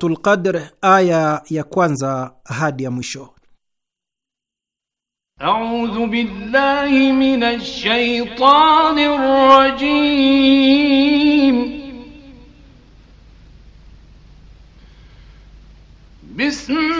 Suratul Qadr aya ya kwanza hadi ya mwisho. A'udhu billahi minash shaitanir rajim. Bismillah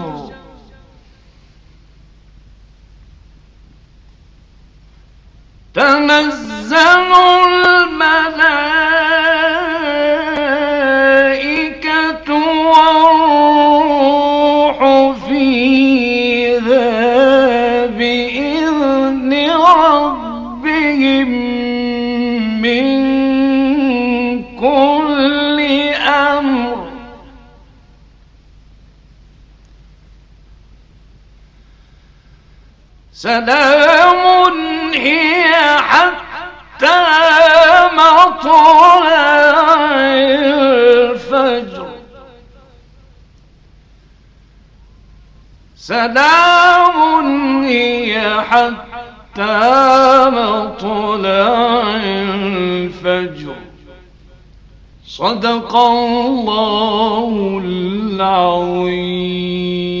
تنزل الملائكة والروح فيها بإذن ربهم من كل أمر سلام هي حتى مطلع الفجر سلام هي حتى مطلع الفجر صدق الله العظيم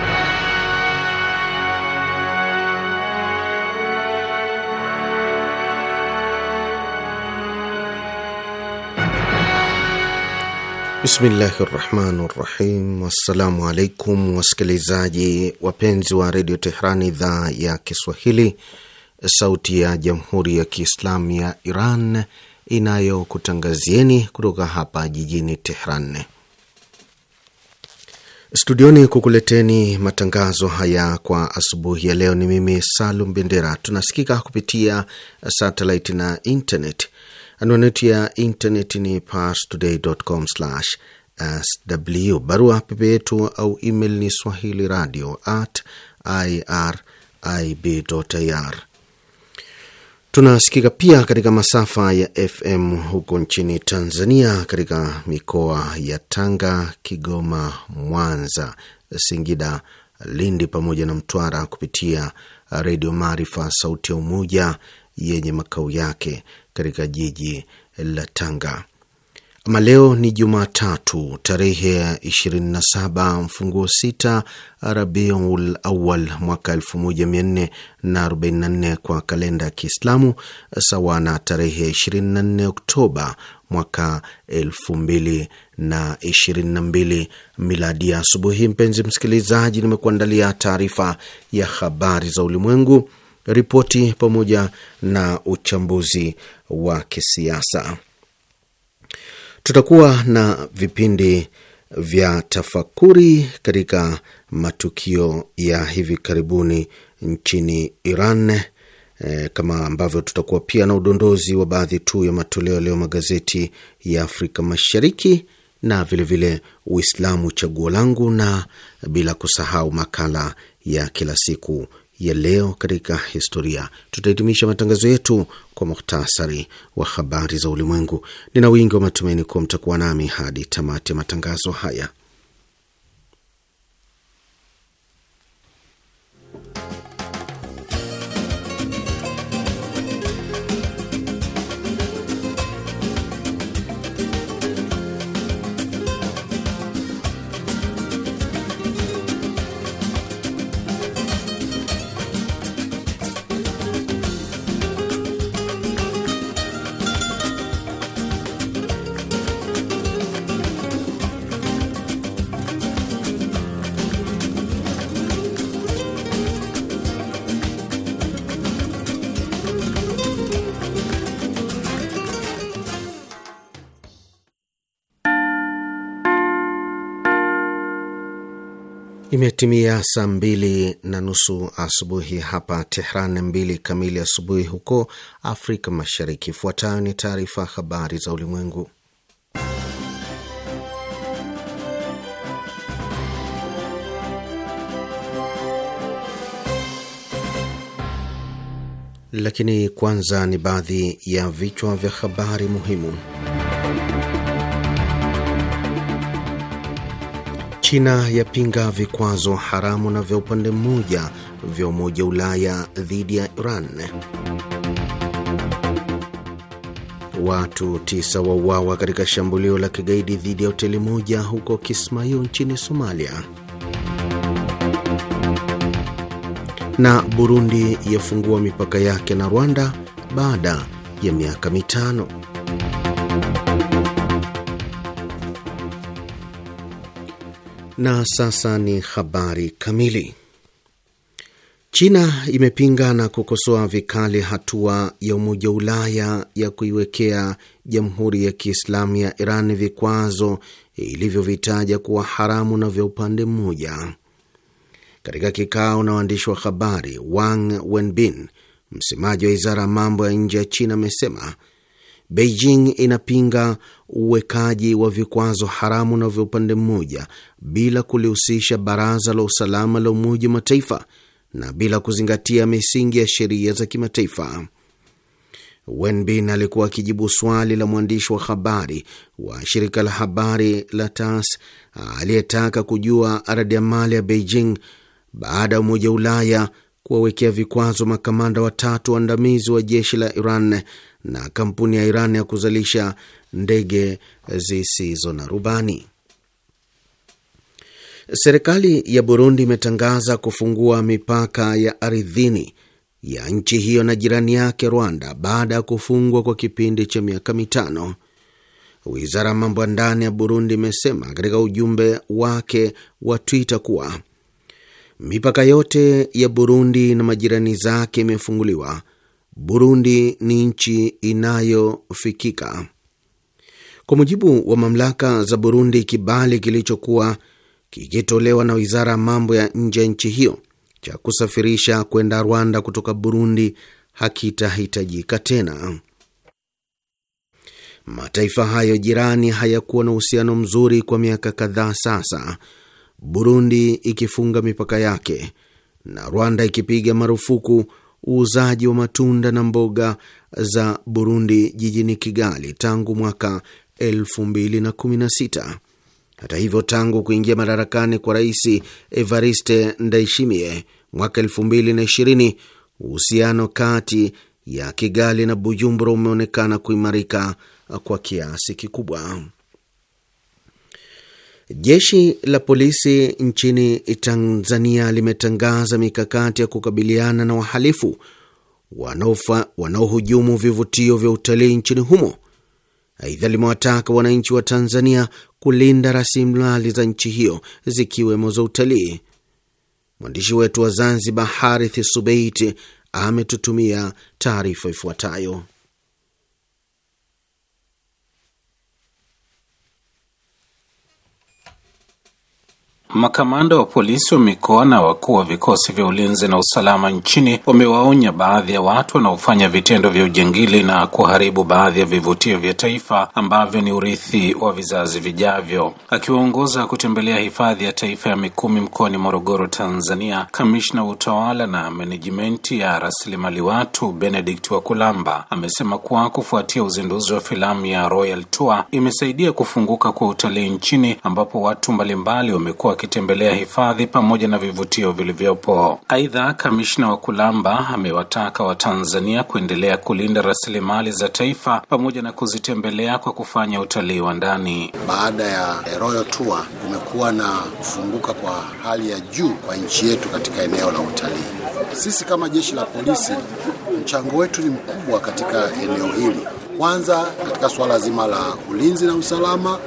Bismillahi rahmani rahim. Wassalamu alaikum wasikilizaji wapenzi wa redio Tehran, idhaa ya Kiswahili, sauti ya jamhuri ya Kiislamu ya Iran inayokutangazieni kutoka hapa jijini Tehran studioni kukuleteni matangazo haya kwa asubuhi ya leo. Ni mimi Salum Bendera. Tunasikika kupitia satelit na internet. Anwani ya intaneti ni parstoday.com/sw. Barua pepe yetu au email ni swahili radio at irib.ir. Tunasikika pia katika masafa ya FM huko nchini Tanzania, katika mikoa ya Tanga, Kigoma, Mwanza, Singida, Lindi pamoja na Mtwara kupitia Redio Maarifa Sauti ya Umoja yenye makao yake katika jiji la Tanga. Ama leo ni Jumatatu tarehe 27 mfunguo 6 Rabiul Awal mwaka 1444 kwa kalenda ya Kiislamu, sawa na tarehe 24 Oktoba mwaka 2022 miladi. ya Asubuhi mpenzi msikilizaji, nimekuandalia taarifa ya habari za ulimwengu ripoti pamoja na uchambuzi wa kisiasa. Tutakuwa na vipindi vya tafakuri katika matukio ya hivi karibuni nchini Iran eh, kama ambavyo tutakuwa pia na udondozi wa baadhi tu ya matoleo leo magazeti ya Afrika Mashariki na vilevile vile Uislamu chaguo langu, na bila kusahau makala ya kila siku ya leo katika historia. Tutahitimisha matangazo yetu kwa muhtasari wa habari za ulimwengu. Nina wingi wa matumaini kuwa mtakuwa nami hadi tamati ya matangazo haya. Imetimia saa mbili na nusu asubuhi hapa Tehran, mbili kamili asubuhi huko Afrika Mashariki. Ifuatayo ni taarifa habari za ulimwengu, lakini kwanza ni baadhi ya vichwa vya habari muhimu. China yapinga vikwazo haramu na vya upande mmoja vya Umoja Ulaya dhidi ya Iran. Watu tisa wauawa katika shambulio la kigaidi dhidi ya hoteli moja huko Kismayo nchini Somalia. Na Burundi yafungua mipaka yake na Rwanda baada ya miaka mitano. Na sasa ni habari kamili. China imepinga na kukosoa vikali hatua ya Umoja wa Ulaya ya kuiwekea Jamhuri ya Kiislamu ya Iran vikwazo ilivyovitaja kuwa haramu na vya upande mmoja. Katika kikao na waandishi wa habari, Wang Wenbin, msemaji wa wizara ya mambo ya nje ya China, amesema Beijing inapinga uwekaji wa vikwazo haramu na vya upande mmoja bila kulihusisha Baraza la Usalama la Umoja wa Mataifa na bila kuzingatia misingi ya sheria za kimataifa. Wenbin alikuwa akijibu swali la mwandishi wa habari wa shirika la habari la TAS aliyetaka kujua radiamali ya Beijing baada ya Umoja wa Ulaya kuwawekea vikwazo makamanda watatu waandamizi wa jeshi la Iran na kampuni ya Iran ya kuzalisha ndege zisizo na rubani. Serikali ya Burundi imetangaza kufungua mipaka ya ardhini ya nchi hiyo na jirani yake Rwanda baada ya kufungwa kwa kipindi cha miaka mitano. Wizara ya mambo ya ndani ya Burundi imesema katika ujumbe wake wa Twitter kuwa Mipaka yote ya Burundi na majirani zake imefunguliwa. Burundi ni nchi inayofikika. Kwa mujibu wa mamlaka za Burundi, kibali kilichokuwa kikitolewa na wizara ya mambo ya nje ya nchi hiyo cha kusafirisha kwenda Rwanda kutoka Burundi hakitahitajika tena. Mataifa hayo jirani hayakuwa na uhusiano mzuri kwa miaka kadhaa sasa, Burundi ikifunga mipaka yake na Rwanda ikipiga marufuku uuzaji wa matunda na mboga za Burundi jijini Kigali tangu mwaka 2016. Hata hivyo, tangu kuingia madarakani kwa Rais Evariste Ndayishimiye mwaka 2020, uhusiano kati ya Kigali na Bujumbura umeonekana kuimarika kwa kiasi kikubwa. Jeshi la polisi nchini Tanzania limetangaza mikakati ya kukabiliana na wahalifu wanaohujumu vivutio vya utalii nchini humo. Aidha, limewataka wananchi wa Tanzania kulinda rasilimali za nchi hiyo zikiwemo za utalii. Mwandishi wetu wa Zanzibar, Harith Subeiti, ametutumia taarifa ifuatayo. Makamanda wa polisi wa mikoa na wakuu wa vikosi vya ulinzi na usalama nchini wamewaonya baadhi ya watu wanaofanya vitendo vya ujangili na kuharibu baadhi ya vivutio vya taifa ambavyo ni urithi wa vizazi vijavyo. Akiwaongoza kutembelea hifadhi ya taifa ya Mikumi mkoani Morogoro, Tanzania, kamishna wa utawala na menejimenti ya rasilimali watu Benedict Wakulamba amesema kuwa kufuatia uzinduzi wa filamu ya Royal Tour imesaidia kufunguka kwa utalii nchini ambapo watu mbalimbali wamekuwa wakitembelea hifadhi pamoja na vivutio vilivyopo. Aidha, kamishna wa Kulamba amewataka Watanzania kuendelea kulinda rasilimali za taifa pamoja na kuzitembelea kwa kufanya utalii wa ndani. Baada ya Royal Tour kumekuwa na kufunguka kwa hali ya juu kwa nchi yetu katika eneo la utalii. Sisi kama jeshi la polisi, mchango wetu ni mkubwa katika eneo hili, kwanza katika suala zima la ulinzi na usalama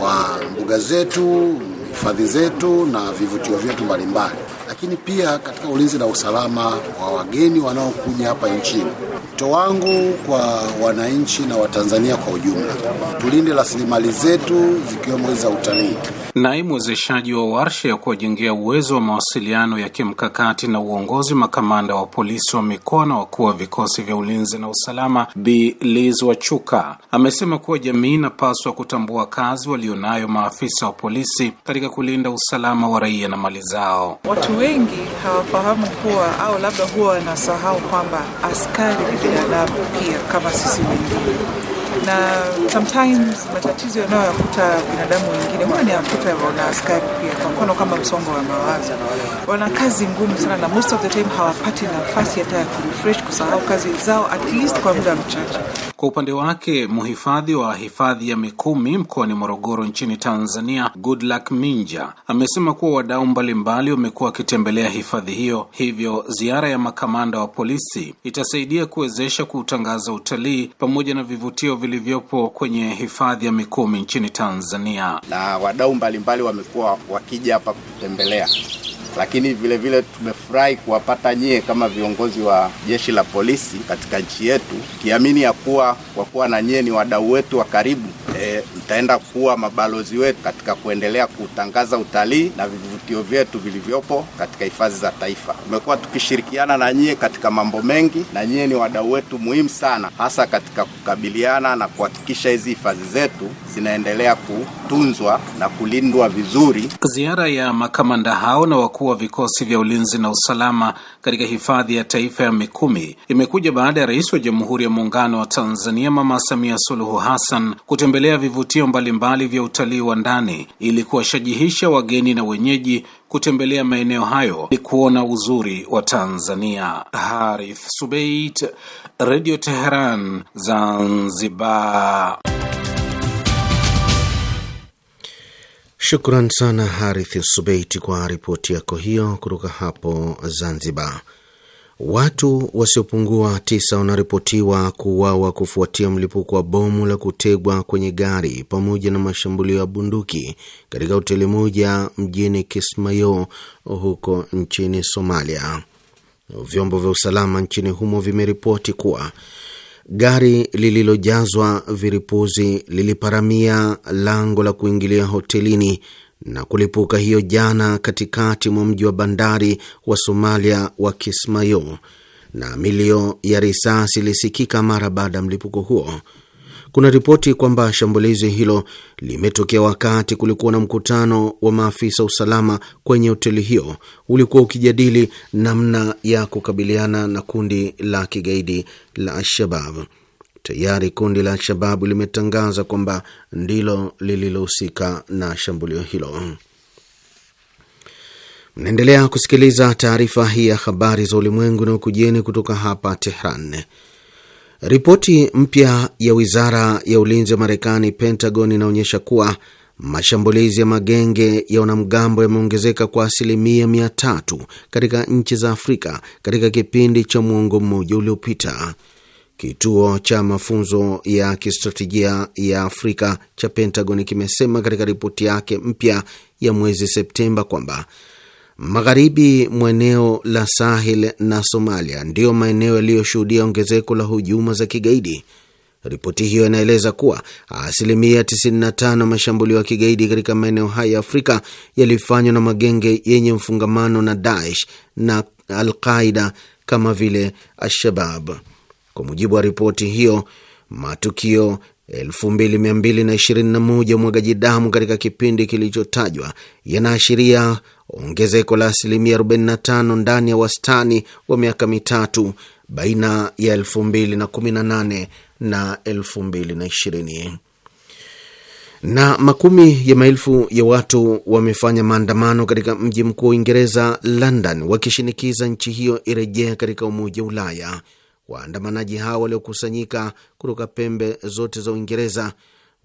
wa mbuga zetu hifadhi zetu na vivutio vyetu mbalimbali, lakini pia katika ulinzi na usalama wa wageni wanaokuja hapa nchini. Wito wangu kwa wananchi na Watanzania kwa ujumla, tulinde rasilimali zetu zikiwemo hizi za utalii. Naye mwezeshaji wa warsha ya kuwajengea uwezo wa mawasiliano ya kimkakati na uongozi, makamanda wa polisi wa mikoa na wakuu wa vikosi vya ulinzi na usalama, Bi Liz Wachuka amesema kuwa jamii inapaswa kutambua kazi walionayo maafisa wa polisi katika kulinda usalama wa raia na mali zao. Watu wengi hawafahamu kuwa au labda huwa wanasahau kwamba askari kila labu pia kama sisi wengine. na sometimes matatizo yanayoyakuta binadamu wengine huwa ni yakuta na askari pia, kwa mfano kama msongo wa mawazo. Wana kazi ngumu sana, na most of the time hawapati nafasi hata ya kurefresh, kusahau kazi zao at least kwa muda mchache. Kwa upande wake mhifadhi wa hifadhi ya Mikumi mkoani Morogoro nchini Tanzania, Goodluck Minja amesema kuwa wadau mbalimbali wamekuwa wakitembelea hifadhi hiyo, hivyo ziara ya makamanda wa polisi itasaidia kuwezesha kuutangaza utalii pamoja na vivutio vilivyopo kwenye hifadhi ya Mikumi nchini Tanzania, na wadau mbalimbali wamekuwa wakija hapa kutembelea lakini vile vile tumefurahi kuwapata nyie kama viongozi wa jeshi la polisi katika nchi yetu, kiamini ya kuwa kwa kuwa na nyie ni wadau wetu wa karibu, eh, mtaenda e, kuwa mabalozi wetu katika kuendelea kutangaza utalii na vivutio vyetu vilivyopo katika hifadhi za taifa. Tumekuwa tukishirikiana na nyie katika mambo mengi, na nyie ni wadau wetu muhimu sana, hasa katika kukabiliana na kuhakikisha hizi hifadhi zetu zinaendelea kutunzwa na kulindwa vizuri. Ziara ya makamanda hao na wakuu wa vikosi vya ulinzi na usalama katika hifadhi ya taifa ya Mikumi imekuja baada ya Rais wa Jamhuri ya Muungano wa Tanzania Mama Samia Suluhu Hassan kutembelea vivutio mbalimbali mbali vya utalii wa ndani ili kuwashajihisha wageni na wenyeji kutembelea maeneo hayo ili kuona uzuri wa Tanzania. Harith Subeit, Radio Teheran, Zanzibar. Shukran sana Harith Subeiti kwa ripoti yako hiyo kutoka hapo Zanzibar. Watu wasiopungua tisa wanaripotiwa kuuawa kufuatia mlipuko wa bomu la kutegwa kwenye gari pamoja na mashambulio ya bunduki katika hoteli moja mjini Kismayo huko nchini Somalia. Vyombo vya usalama nchini humo vimeripoti kuwa gari lililojazwa viripuzi liliparamia lango la kuingilia hotelini na kulipuka hiyo jana katikati mwa mji wa bandari wa Somalia wa Kismayo, na milio ya risasi ilisikika mara baada ya mlipuko huo. Kuna ripoti kwamba shambulizi hilo limetokea wakati kulikuwa na mkutano wa maafisa usalama kwenye hoteli hiyo, ulikuwa ukijadili namna ya kukabiliana na kundi la kigaidi la Alshabab tayari kundi la al-shababu limetangaza kwamba ndilo lililohusika na shambulio hilo. Mnaendelea kusikiliza taarifa hii ya habari za ulimwengu na ukujeni kutoka hapa Tehran. Ripoti mpya ya wizara ya ulinzi wa Marekani, Pentagon, inaonyesha kuwa mashambulizi ya magenge ya wanamgambo yameongezeka kwa asilimia mia tatu katika nchi za Afrika katika kipindi cha mwongo mmoja uliopita. Kituo cha mafunzo ya kistratejia ya Afrika cha Pentagon kimesema katika ripoti yake mpya ya mwezi Septemba kwamba magharibi mwa eneo la Sahel na Somalia ndiyo maeneo yaliyoshuhudia ongezeko la hujuma za kigaidi. Ripoti hiyo inaeleza kuwa asilimia 95 mashambulio ya kigaidi katika maeneo haya ya Afrika yalifanywa na magenge yenye mfungamano na Daesh na Alqaida kama vile Alshabab. Kwa mujibu wa ripoti hiyo, matukio 2221 umwagaji damu katika kipindi kilichotajwa yanaashiria ongezeko la asilimia 45 ndani ya wastani wa miaka mitatu baina ya 2018 na 2020 na makumi ya maelfu ya watu wamefanya maandamano katika mji mkuu wa Uingereza, London, wakishinikiza nchi hiyo irejea katika Umoja wa Ulaya Waandamanaji hao waliokusanyika kutoka pembe zote za Uingereza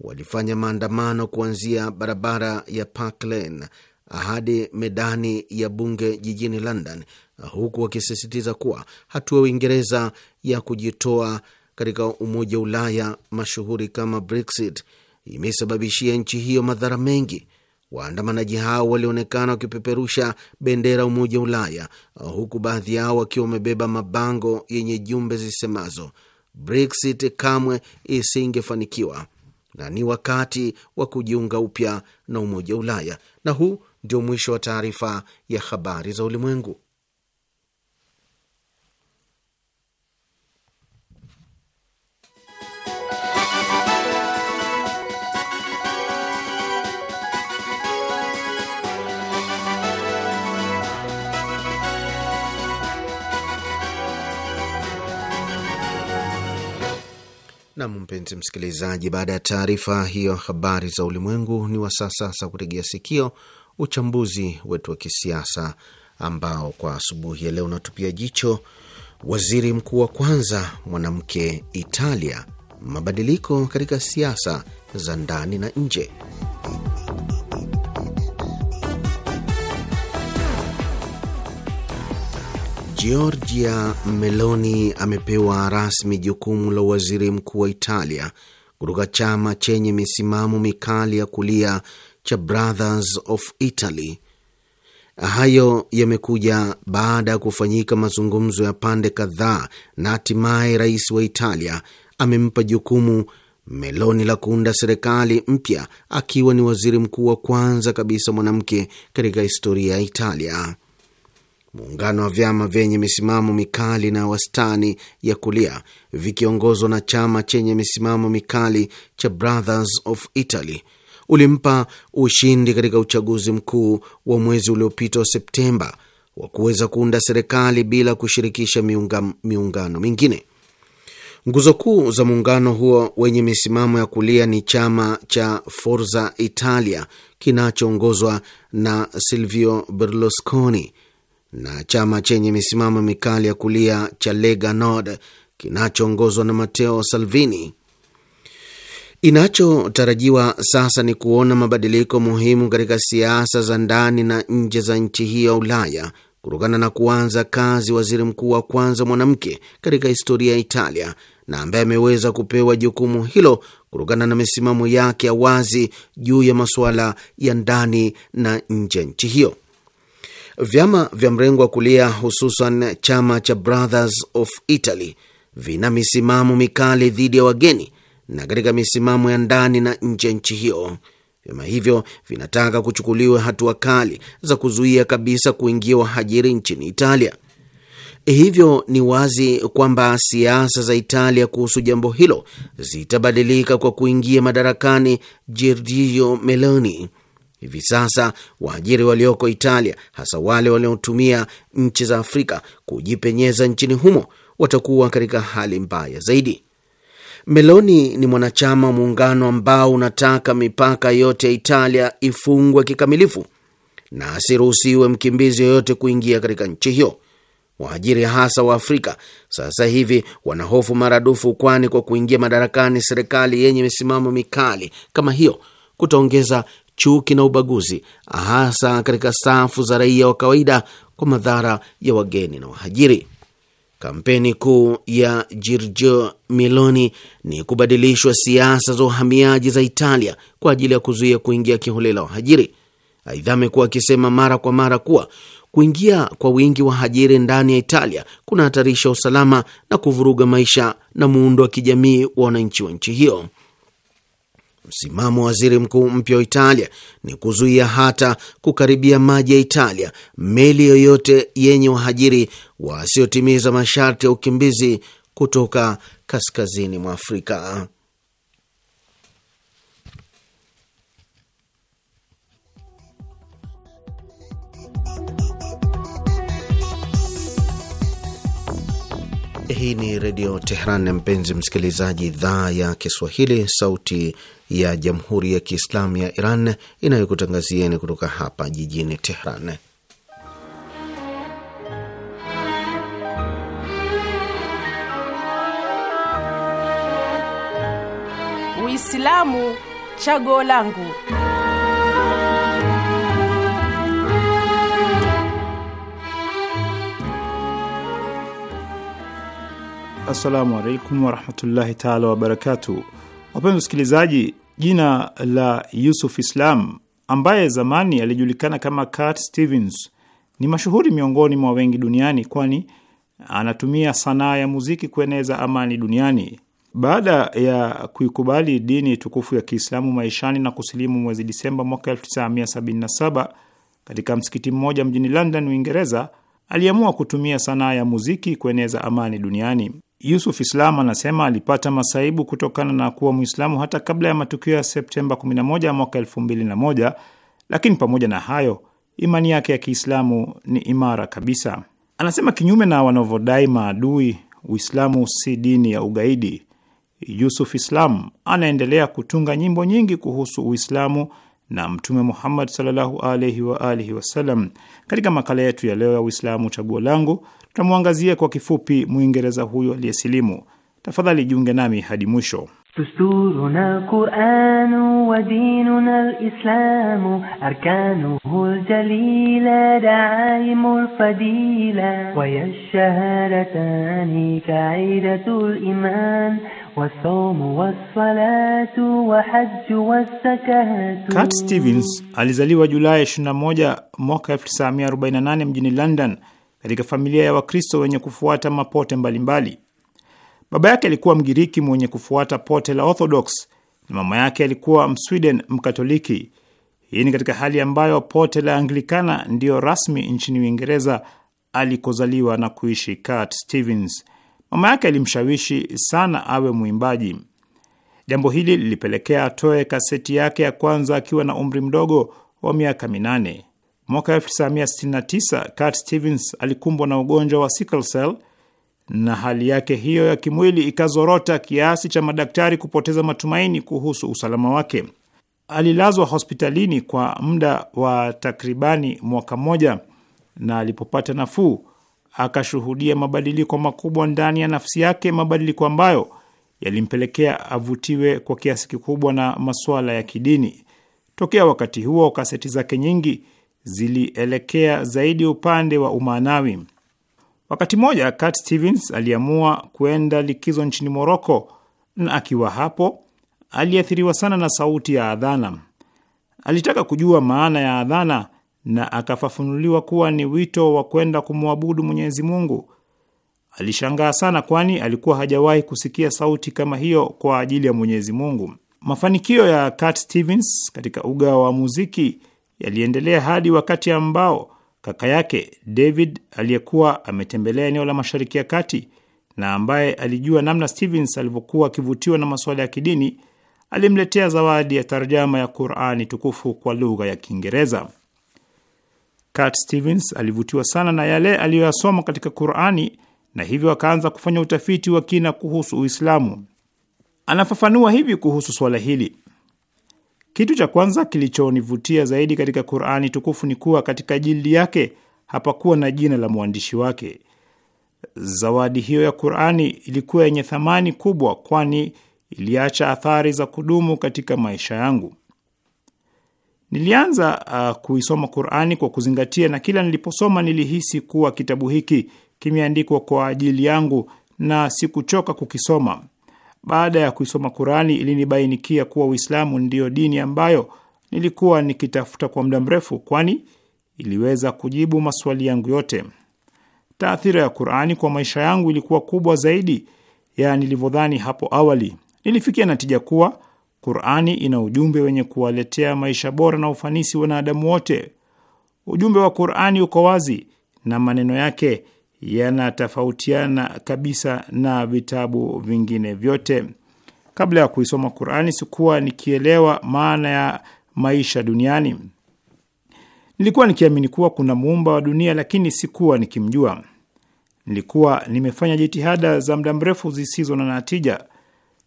walifanya maandamano kuanzia barabara ya Park Lane hadi medani ya bunge jijini London, huku wakisisitiza kuwa hatua ya Uingereza ya kujitoa katika Umoja wa Ulaya mashuhuri kama Brexit imesababishia nchi hiyo madhara mengi Waandamanaji hao walionekana wakipeperusha bendera Umoja wa Ulaya, huku baadhi yao wakiwa wamebeba mabango yenye jumbe zisemazo Brexit kamwe isingefanikiwa na ni wakati wa kujiunga upya na Umoja wa Ulaya. Na huu ndio mwisho wa taarifa ya habari za ulimwengu. Nam, mpenzi msikilizaji, baada ya taarifa hiyo habari za ulimwengu, ni saa sasa kutegea sikio uchambuzi wetu wa kisiasa ambao kwa asubuhi ya leo unatupia jicho waziri mkuu wa kwanza mwanamke Italia, mabadiliko katika siasa za ndani na nje. Giorgia Meloni amepewa rasmi jukumu la waziri mkuu wa Italia kutoka chama chenye misimamo mikali ya kulia cha Brothers of Italy. Hayo yamekuja baada ya kufanyika mazungumzo ya pande kadhaa, na hatimaye rais wa Italia amempa jukumu Meloni la kuunda serikali mpya, akiwa ni waziri mkuu wa kwanza kabisa mwanamke katika historia ya Italia muungano wa vyama vyenye misimamo mikali na wastani ya kulia vikiongozwa na chama chenye misimamo mikali cha Brothers of Italy ulimpa ushindi katika uchaguzi mkuu wa mwezi uliopita wa Septemba wa kuweza kuunda serikali bila kushirikisha miunga, miungano mingine. Nguzo kuu za muungano huo wenye misimamo ya kulia ni chama cha Forza Italia kinachoongozwa na Silvio Berlusconi na chama chenye misimamo mikali ya kulia cha Lega Nord kinachoongozwa na Matteo Salvini. Inachotarajiwa sasa ni kuona mabadiliko muhimu katika siasa za ndani na nje za nchi hiyo ya Ulaya kutokana na kuanza kazi waziri mkuu wa kwanza mwanamke katika historia ya Italia na ambaye ameweza kupewa jukumu hilo kutokana na misimamo yake ya wazi juu ya masuala ya ndani na nje ya nchi hiyo. Vyama vya mrengo wa kulia hususan chama cha Brothers of Italy vina misimamo mikali dhidi ya wageni na katika misimamo ya ndani na nje ya nchi hiyo. Vyama hivyo vinataka kuchukuliwa hatua kali za kuzuia kabisa kuingia wahajiri nchini Italia. Hivyo ni wazi kwamba siasa za Italia kuhusu jambo hilo zitabadilika kwa kuingia madarakani Giorgio Meloni. Hivi sasa waajiri walioko Italia, hasa wale waliotumia nchi za Afrika kujipenyeza nchini humo, watakuwa katika hali mbaya zaidi. Meloni ni mwanachama muungano ambao unataka mipaka yote ya Italia ifungwe kikamilifu na asiruhusiwe mkimbizi yoyote kuingia katika nchi hiyo. Waajiri hasa wa Afrika sasa hivi wanahofu maradufu, kwani kwa kuingia madarakani serikali yenye misimamo mikali kama hiyo kutaongeza chuki na ubaguzi, hasa katika safu za raia wa kawaida, kwa madhara ya wageni na wahajiri. Kampeni kuu ya Giorgia Meloni ni kubadilishwa siasa za uhamiaji za Italia kwa ajili ya kuzuia kuingia kiholela wahajiri. Aidha, amekuwa akisema mara kwa mara kuwa kuingia kwa wingi wahajiri ndani ya Italia kunahatarisha usalama na kuvuruga maisha na muundo wa kijamii wa wananchi wa nchi hiyo. Msimamo wa waziri mkuu mpya wa Italia ni kuzuia hata kukaribia maji ya Italia meli yoyote yenye wahajiri wasiotimiza masharti ya ukimbizi kutoka kaskazini mwa Afrika. Hii ni Redio Tehran, mpenzi msikilizaji, idhaa ya Kiswahili, sauti ya Jamhuri ya Kiislamu ya Iran inayokutangazieni kutoka hapa jijini Tehran. Uislamu chaguo langu. Assalamu alaikum warahmatullahi taala wabarakatu. Wapenzi wasikilizaji, jina la Yusuf Islam ambaye zamani alijulikana kama Cat Stevens ni mashuhuri miongoni mwa wengi duniani, kwani anatumia sanaa ya muziki kueneza amani duniani. Baada ya kuikubali dini tukufu ya Kiislamu maishani na kusilimu mwezi Disemba mwaka 1977 katika msikiti mmoja mjini London, Uingereza, aliamua kutumia sanaa ya muziki kueneza amani duniani. Yusuf Islam anasema alipata masaibu kutokana na kuwa Mwislamu hata kabla ya matukio ya Septemba 11 mwaka 2001, lakini pamoja na hayo imani yake ya Kiislamu ni imara kabisa. Anasema kinyume na wanavyodai maadui, Uislamu si dini ya ugaidi. Yusuf Islam anaendelea kutunga nyimbo nyingi kuhusu Uislamu na Mtume Muhammad sallallahu alaihi wa alihi wasallam. Katika makala yetu ya leo ya Uislamu Chaguo Langu, Tutamwangazia kwa kifupi Mwingereza huyo aliyesilimu. Tafadhali jiunge nami hadi mwisho. Dusturuna wa dinuna alislamu arkanuhu aljalila daimu alfadila kaidatu wasawmu wassalatu Cat Stevens alizaliwa Julai 21 mwaka 1948 mjini London katika familia ya Wakristo wenye kufuata mapote mbalimbali mbali. Baba yake alikuwa Mgiriki mwenye kufuata pote la Orthodox na mama yake alikuwa Msweden Mkatoliki. Hii ni katika hali ambayo pote la Anglikana ndiyo rasmi nchini Uingereza alikozaliwa na kuishi Cat Stevens. Mama yake alimshawishi sana awe mwimbaji. Jambo hili lilipelekea atoe kaseti yake ya kwanza akiwa na umri mdogo wa miaka minane. Mwaka 1969 Cat Stevens alikumbwa na ugonjwa wa sickle cell na hali yake hiyo ya kimwili ikazorota kiasi cha madaktari kupoteza matumaini kuhusu usalama wake. Alilazwa hospitalini kwa muda wa takribani mwaka mmoja, na alipopata nafuu akashuhudia mabadiliko makubwa ndani ya nafsi yake, mabadiliko ambayo yalimpelekea avutiwe kwa kiasi kikubwa na masuala ya kidini. Tokea wakati huo kaseti zake nyingi zilielekea zaidi upande wa umaanawi. Wakati mmoja Cat Stevens aliamua kuenda likizo nchini Moroko, na akiwa hapo aliathiriwa sana na sauti ya adhana. Alitaka kujua maana ya adhana na akafafunuliwa kuwa ni wito wa kwenda kumwabudu Mwenyezi Mungu. Alishangaa sana, kwani alikuwa hajawahi kusikia sauti kama hiyo kwa ajili ya Mwenyezi Mungu. Mafanikio ya Cat Stevens katika uga wa muziki yaliendelea hadi wakati ambao kaka yake David aliyekuwa ametembelea eneo la Mashariki ya Kati na ambaye alijua namna Stevens alivyokuwa akivutiwa na masuala ya kidini alimletea zawadi ya tarjama ya Qur'ani tukufu kwa lugha ya Kiingereza. Kat Stevens alivutiwa sana na yale aliyoyasoma katika Qur'ani na hivyo akaanza kufanya utafiti wa kina kuhusu Uislamu. Anafafanua hivi kuhusu swala hili: kitu cha kwanza kilichonivutia zaidi katika Qurani tukufu ni kuwa katika jildi yake hapakuwa na jina la mwandishi wake. Zawadi hiyo ya Qurani ilikuwa yenye thamani kubwa, kwani iliacha athari za kudumu katika maisha yangu. Nilianza uh, kuisoma Qurani kwa kuzingatia, na kila niliposoma nilihisi kuwa kitabu hiki kimeandikwa kwa ajili yangu na sikuchoka kukisoma. Baada ya kuisoma Kurani ilinibainikia kuwa Uislamu ndiyo dini ambayo nilikuwa nikitafuta kwa muda mrefu, kwani iliweza kujibu maswali yangu yote. Taathira ya Qurani kwa maisha yangu ilikuwa kubwa zaidi ya nilivyodhani hapo awali. Nilifikia natija kuwa Qurani ina ujumbe wenye kuwaletea maisha bora na ufanisi wanadamu wote. Ujumbe wa Qurani uko wazi na maneno yake yanatofautiana kabisa na vitabu vingine vyote. Kabla ya kuisoma Qurani sikuwa nikielewa maana ya maisha duniani. Nilikuwa nikiamini kuwa kuna muumba wa dunia, lakini sikuwa nikimjua. Nilikuwa nimefanya jitihada za muda mrefu zisizo na natija.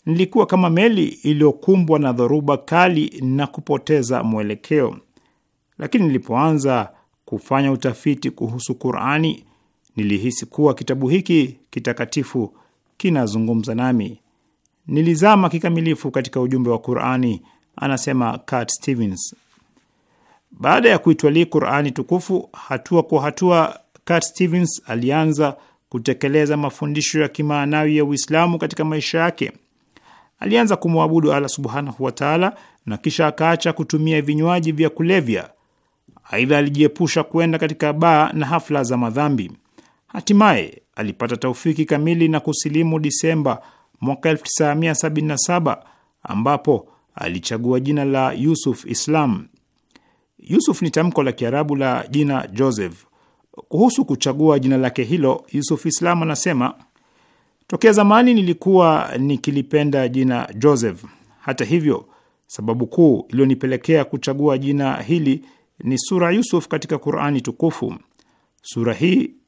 Nilikuwa kama meli iliyokumbwa na dhoruba kali na kupoteza mwelekeo. Lakini nilipoanza kufanya utafiti kuhusu Qurani nilihisi kuwa kitabu hiki kitakatifu kinazungumza nami. Nilizama kikamilifu katika ujumbe wa Qurani, anasema Kat Stevens. Baada ya kuitwalii Qurani tukufu hatua kwa hatua, Kat Stevens alianza kutekeleza mafundisho ya kimaanawi ya Uislamu katika maisha yake. Alianza kumwabudu Allah subhanahu wataala na kisha akaacha kutumia vinywaji vya kulevya. Aidha, alijiepusha kuenda katika baa na hafla za madhambi. Hatimaye alipata taufiki kamili na kusilimu Disemba mwaka 1977 ambapo alichagua jina la Yusuf Islam. Yusuf ni tamko la Kiarabu la jina Joseph. Kuhusu kuchagua jina lake hilo, Yusuf Islam anasema, tokea zamani nilikuwa nikilipenda jina Joseph. Hata hivyo, sababu kuu iliyonipelekea kuchagua jina hili ni sura Yusuf katika Qurani Tukufu. Sura hii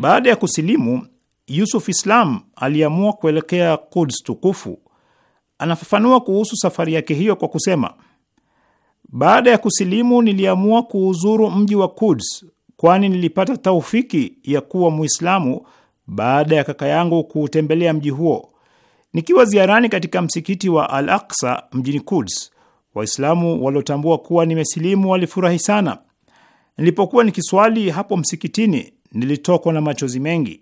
Baada ya kusilimu Yusuf Islam aliamua kuelekea Quds tukufu. Anafafanua kuhusu safari yake hiyo kwa kusema, baada ya kusilimu niliamua kuuzuru mji wa Quds, kwani nilipata taufiki ya kuwa Muislamu baada ya kaka yangu kuutembelea mji huo. Nikiwa ziarani katika msikiti wa Al Aksa mjini Quds, Waislamu waliotambua kuwa nimesilimu walifurahi sana. Nilipokuwa nikiswali hapo msikitini, nilitokwa na machozi mengi.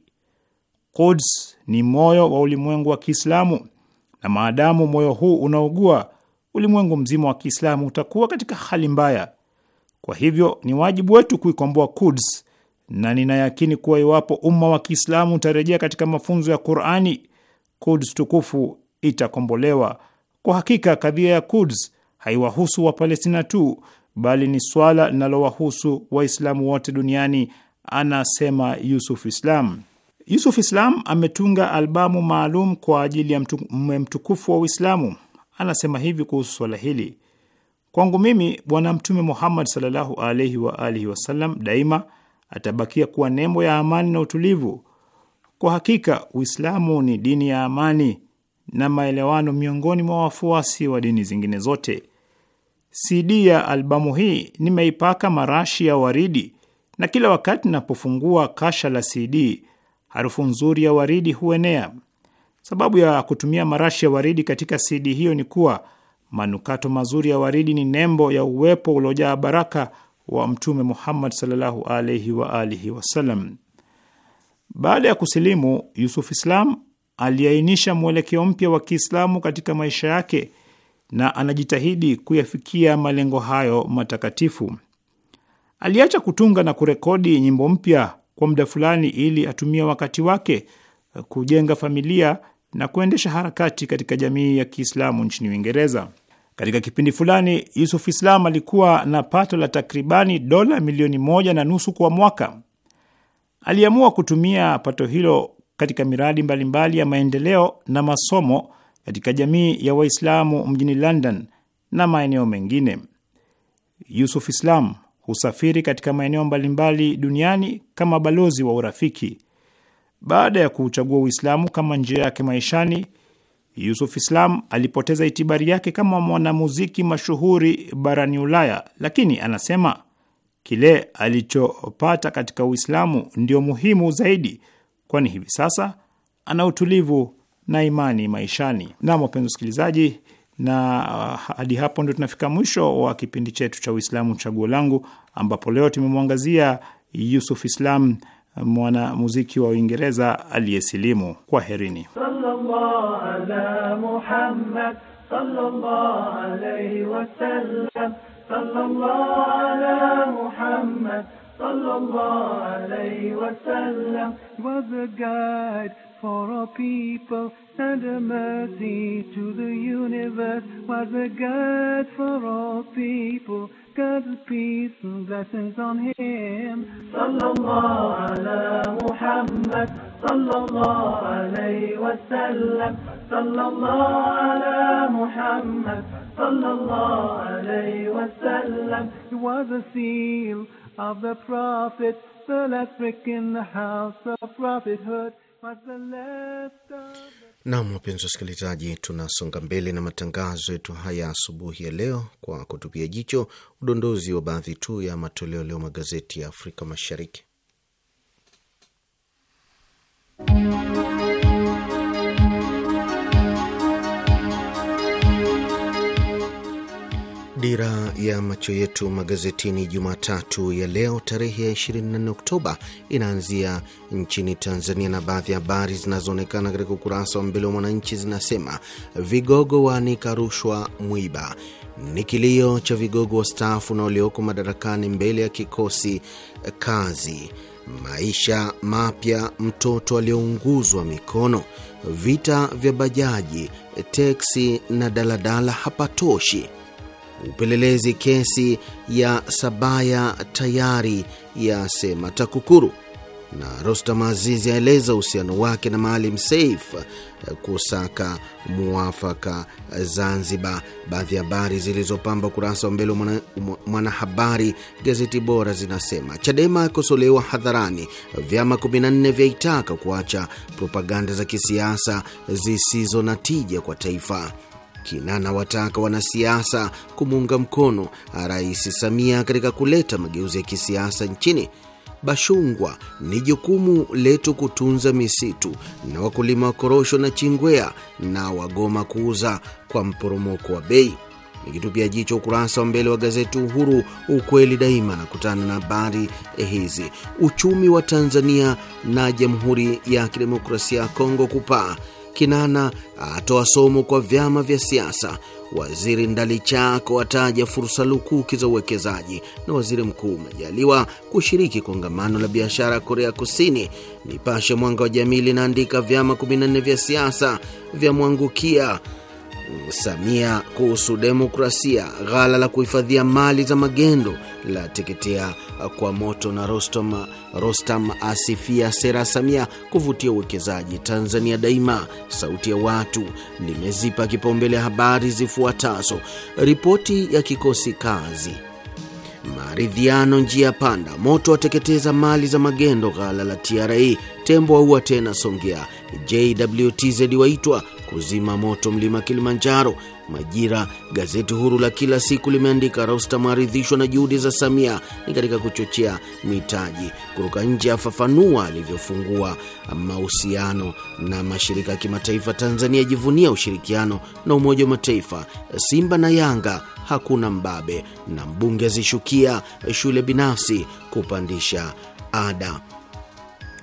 Quds ni moyo wa ulimwengu wa Kiislamu, na maadamu moyo huu unaugua, ulimwengu mzima wa Kiislamu utakuwa katika hali mbaya. Kwa hivyo ni wajibu wetu kuikomboa Quds, na ninayakini kuwa iwapo umma wa Kiislamu utarejea katika mafunzo ya Qur'ani, Quds tukufu itakombolewa. Kwa hakika kadhia ya Quds haiwahusu Wapalestina tu bali ni swala linalowahusu Waislamu wote duniani, anasema Yusuf Islam. Yusuf Islam ametunga albamu maalum kwa ajili ya Mtume mtukufu wa Uislamu. Anasema hivi kuhusu swala hili: kwangu mimi Bwana Mtume Muhammad sallallahu alaihi wa alihi wasallam daima atabakia kuwa nembo ya amani na utulivu. Kwa hakika Uislamu ni dini ya amani na maelewano miongoni mwa wafuasi wa dini zingine zote. CD ya albamu hii nimeipaka marashi ya waridi, na kila wakati ninapofungua kasha la CD harufu nzuri ya waridi huenea. Sababu ya kutumia marashi ya waridi katika CD hiyo ni kuwa manukato mazuri ya waridi ni nembo ya uwepo uliojaa baraka wa Mtume Muhammad sallallahu alaihi wa alihi wasallam. Baada ya kusilimu, Yusuf Islam aliainisha mwelekeo mpya wa Kiislamu katika maisha yake na anajitahidi kuyafikia malengo hayo matakatifu. Aliacha kutunga na kurekodi nyimbo mpya kwa muda fulani ili atumie wakati wake eh, kujenga familia na kuendesha harakati katika jamii ya Kiislamu nchini Uingereza. Katika kipindi fulani, Yusuf Islam alikuwa na pato la takribani dola milioni moja na nusu kwa mwaka. Aliamua kutumia pato hilo katika miradi mbalimbali mbali ya maendeleo na masomo katika jamii ya Waislamu mjini London na maeneo mengine. Yusuf Islam husafiri katika maeneo mbalimbali duniani kama balozi wa urafiki. Baada ya kuuchagua Uislamu kama njia yake maishani, Yusuf Islam alipoteza itibari yake kama mwanamuziki mashuhuri barani Ulaya, lakini anasema kile alichopata katika Uislamu ndio muhimu zaidi, kwani hivi sasa ana utulivu na imani maishani. Nam, wapenzi wasikilizaji, na uh, hadi hapo ndio tunafika mwisho wa kipindi chetu cha Uislamu Chaguo Langu, ambapo leo tumemwangazia Yusuf Islam, mwanamuziki wa Uingereza aliyesilimu. Kwaherini. for all people and a mercy to the universe was a God for all people. God's peace and blessings on him. Sallallahu ala Muhammad, sallallahu alayhi wa sallam, sallallahu ala Muhammad, sallallahu alayhi wa sallam. It was a seal of the prophet, the last brick in the house of prophethood. Nam, wapenzi wasikilizaji, tunasonga mbele na matangazo yetu haya asubuhi ya leo kwa kutupia jicho udondozi wa baadhi tu ya matoleo leo magazeti ya Afrika Mashariki. ya macho yetu magazetini Jumatatu ya leo tarehe ya 24 Oktoba inaanzia nchini Tanzania, na baadhi ya habari zinazoonekana katika ukurasa wa mbele wa Mwananchi zinasema vigogo waanika rushwa mwiba ni kilio cha vigogo wastaafu na walioko madarakani mbele ya kikosi kazi. Maisha mapya, mtoto aliyounguzwa mikono, vita vya bajaji, teksi na daladala hapatoshi upelelezi kesi ya Sabaya tayari yasema TAKUKURU, na Rostam Azizi aeleza uhusiano wake na Maalim Seif kusaka muafaka Zanzibar. Baadhi ya habari zilizopamba ukurasa wa mbele wa Mwanahabari gazeti bora zinasema: Chadema akosolewa hadharani, vyama 14 vyaitaka kuacha propaganda za kisiasa zisizo na tija kwa taifa kina na anawataka wanasiasa kumuunga mkono Rais Samia katika kuleta mageuzi ya kisiasa nchini. Bashungwa: ni jukumu letu kutunza misitu, na wakulima wa korosho na chingwea na wagoma kuuza kwa mporomoko wa bei. Nikitupia jicho ukurasa wa mbele wa gazeti Uhuru, ukweli daima, na kutana na habari hizi: uchumi wa Tanzania na Jamhuri ya Kidemokrasia ya Kongo kupaa Kinana atoa somo kwa vyama vya siasa. Waziri Ndalichako ataja fursa lukuki za uwekezaji, na waziri mkuu Majaliwa kushiriki kongamano la biashara ya Korea Kusini. Nipashe Mwanga wa Jamii linaandika vyama 14 vya siasa vyamwangukia Samia kuhusu demokrasia, ghala la kuhifadhia mali za magendo la teketea kwa moto, na Rostam, Rostam asifia sera Samia kuvutia uwekezaji Tanzania Daima. Sauti ya Watu limezipa kipaumbele habari zifuatazo: ripoti ya kikosi kazi maridhiano njia ya panda, moto wateketeza mali za magendo ghala la TRA, tembo aua tena Songea, JWTZ waitwa kuzima moto mlima Kilimanjaro. Majira, gazeti huru la kila siku, limeandika Rostam aridhishwa na juhudi za Samia ni katika kuchochea mitaji kutoka nje, afafanua alivyofungua mahusiano na mashirika ya kimataifa. Tanzania jivunia ushirikiano na Umoja wa Mataifa. Simba na Yanga hakuna mbabe, na mbunge azishukia shule binafsi kupandisha ada.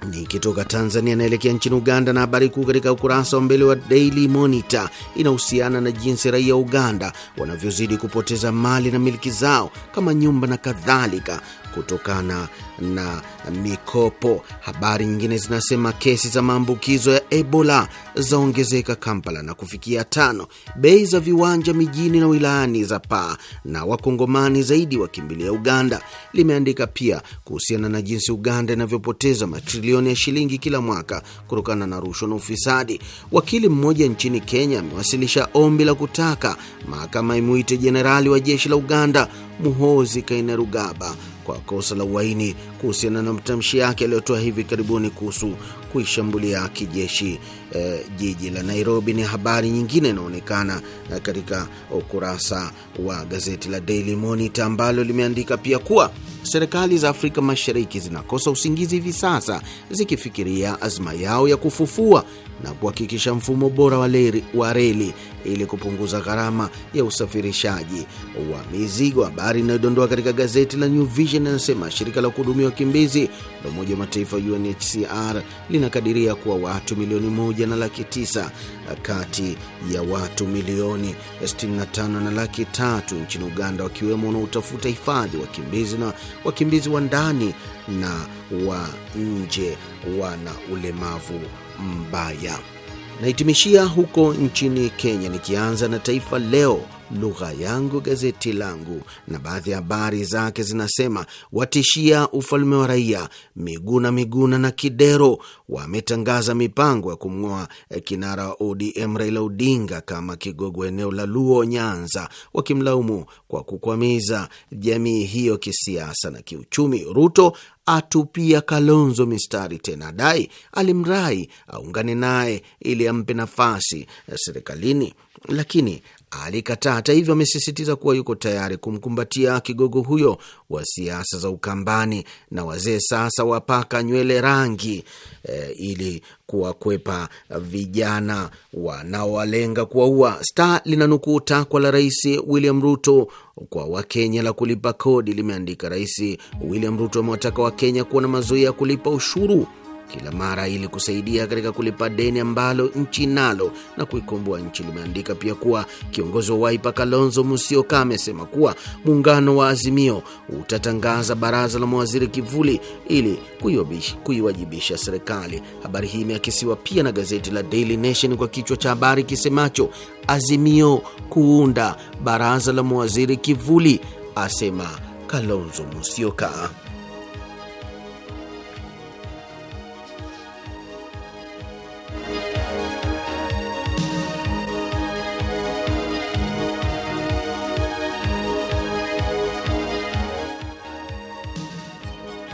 Nikitoka Tanzania naelekea nchini Uganda, na habari kuu katika ukurasa wa mbele wa Daily Monitor inahusiana na jinsi raia wa Uganda wanavyozidi kupoteza mali na miliki zao kama nyumba na kadhalika, kutokana na mikopo. Habari nyingine zinasema kesi za maambukizo ya Ebola zaongezeka Kampala na kufikia tano. Bei za viwanja mijini na wilayani za paa, na wakongomani zaidi wakimbilia Uganda. Limeandika pia kuhusiana na jinsi Uganda inavyopoteza matrilioni ya shilingi kila mwaka kutokana na rushwa na ufisadi. Wakili mmoja nchini Kenya amewasilisha ombi la kutaka mahakama imuite jenerali wa jeshi la Uganda Muhozi Kainerugaba kwa kosa la uhaini kuhusiana na matamshi yake aliyotoa hivi karibuni kuhusu kuishambulia kijeshi e, jiji la Nairobi. Ni habari nyingine inaonekana e, katika ukurasa wa gazeti la Daily Monitor ambalo limeandika pia kuwa serikali za Afrika Mashariki zinakosa usingizi hivi sasa zikifikiria azma yao ya kufufua na kuhakikisha mfumo bora wa reli ili kupunguza gharama ya usafirishaji wa mizigo. Habari inayodondoa katika gazeti la New Vision inasema shirika la kuhudumia wakimbizi la Umoja wa Mataifa UNHCR linakadiria kuwa watu milioni moja na laki tisa kati ya watu milioni 65 na laki tatu nchini Uganda, wakiwemo wanaotafuta hifadhi, wakimbizi na wakimbizi wa ndani na wa nje wana ulemavu mbaya. Naitimishia huko nchini Kenya, nikianza na Taifa Leo lugha yangu gazeti langu, na baadhi ya habari zake zinasema watishia ufalme wa raia. Miguna Miguna na Kidero wametangaza mipango ya kumng'oa kinara wa ODM Raila Odinga kama kigogo eneo la Luo Nyanza, wakimlaumu kwa kukwamiza jamii hiyo kisiasa na kiuchumi. Ruto atupia Kalonzo mistari tena, dai alimrai aungane naye ili ampe nafasi serikalini, lakini alikataa. Hata hivyo, amesisitiza kuwa yuko tayari kumkumbatia kigogo huyo wa siasa za Ukambani na wazee sasa wapaka nywele rangi e, ili kuwakwepa vijana wanaowalenga kuwaua. Star linanukuu takwa la Rais William Ruto kwa Wakenya la kulipa kodi, limeandika Rais William Ruto amewataka Wakenya kuwa na mazoea ya kulipa ushuru kila mara ili kusaidia katika kulipa deni ambalo nchi nalo na kuikomboa nchi. Limeandika pia kuwa kiongozi wa Waipa Kalonzo Musyoka amesema kuwa muungano wa Azimio utatangaza baraza la mawaziri kivuli ili kuiwajibisha serikali. Habari hii imeakisiwa pia na gazeti la Daily Nation kwa kichwa cha habari kisemacho Azimio kuunda baraza la mawaziri kivuli, asema Kalonzo Musyoka.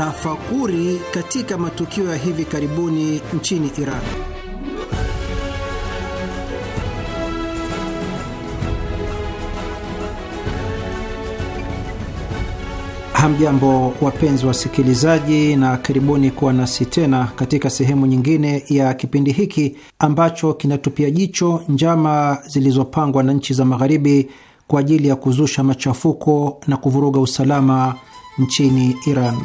tafakuri katika matukio ya hivi karibuni nchini Iran. Hamjambo, wapenzi wasikilizaji, na karibuni kuwa nasi tena katika sehemu nyingine ya kipindi hiki ambacho kinatupia jicho njama zilizopangwa na nchi za Magharibi kwa ajili ya kuzusha machafuko na kuvuruga usalama nchini Iran.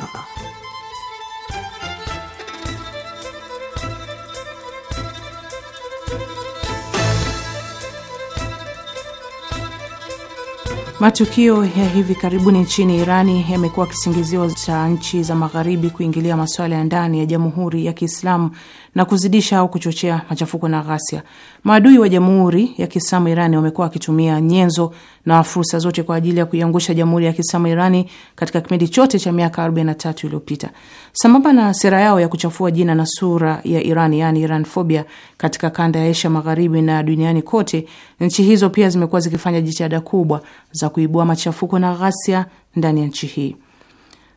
Matukio ya hivi karibuni nchini Irani yamekuwa kisingizio cha nchi za Magharibi kuingilia masuala ya ndani ya Jamhuri ya Kiislamu na kuzidisha au kuchochea machafuko na ghasia. Maadui wa Jamhuri ya Kiislamu Irani wamekuwa wakitumia nyenzo na fursa zote kwa ajili ya kuiangusha Jamhuri ya Kiislamu Irani katika kipindi chote cha miaka 43 iliyopita, sambamba na sera yao ya kuchafua jina na sura ya Iran, yani Iranphobia, katika kanda ya Asia Magharibi na duniani kote. Nchi hizo pia zimekuwa zikifanya jitihada kubwa za kuibua machafuko na ghasia ndani ya nchi hii.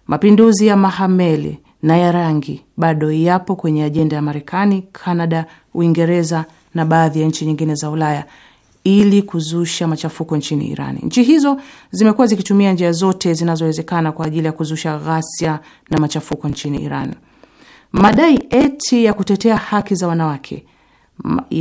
Mapinduzi ya Mahameli na ya rangi bado yapo kwenye ajenda ya Marekani, Kanada, Uingereza na baadhi ya nchi nyingine za Ulaya ili kuzusha machafuko nchini Irani. Nchi hizo zimekuwa zikitumia njia zote zinazowezekana kwa ajili ya kuzusha ghasia na machafuko nchini Iran. Madai eti ya kutetea haki za wanawake,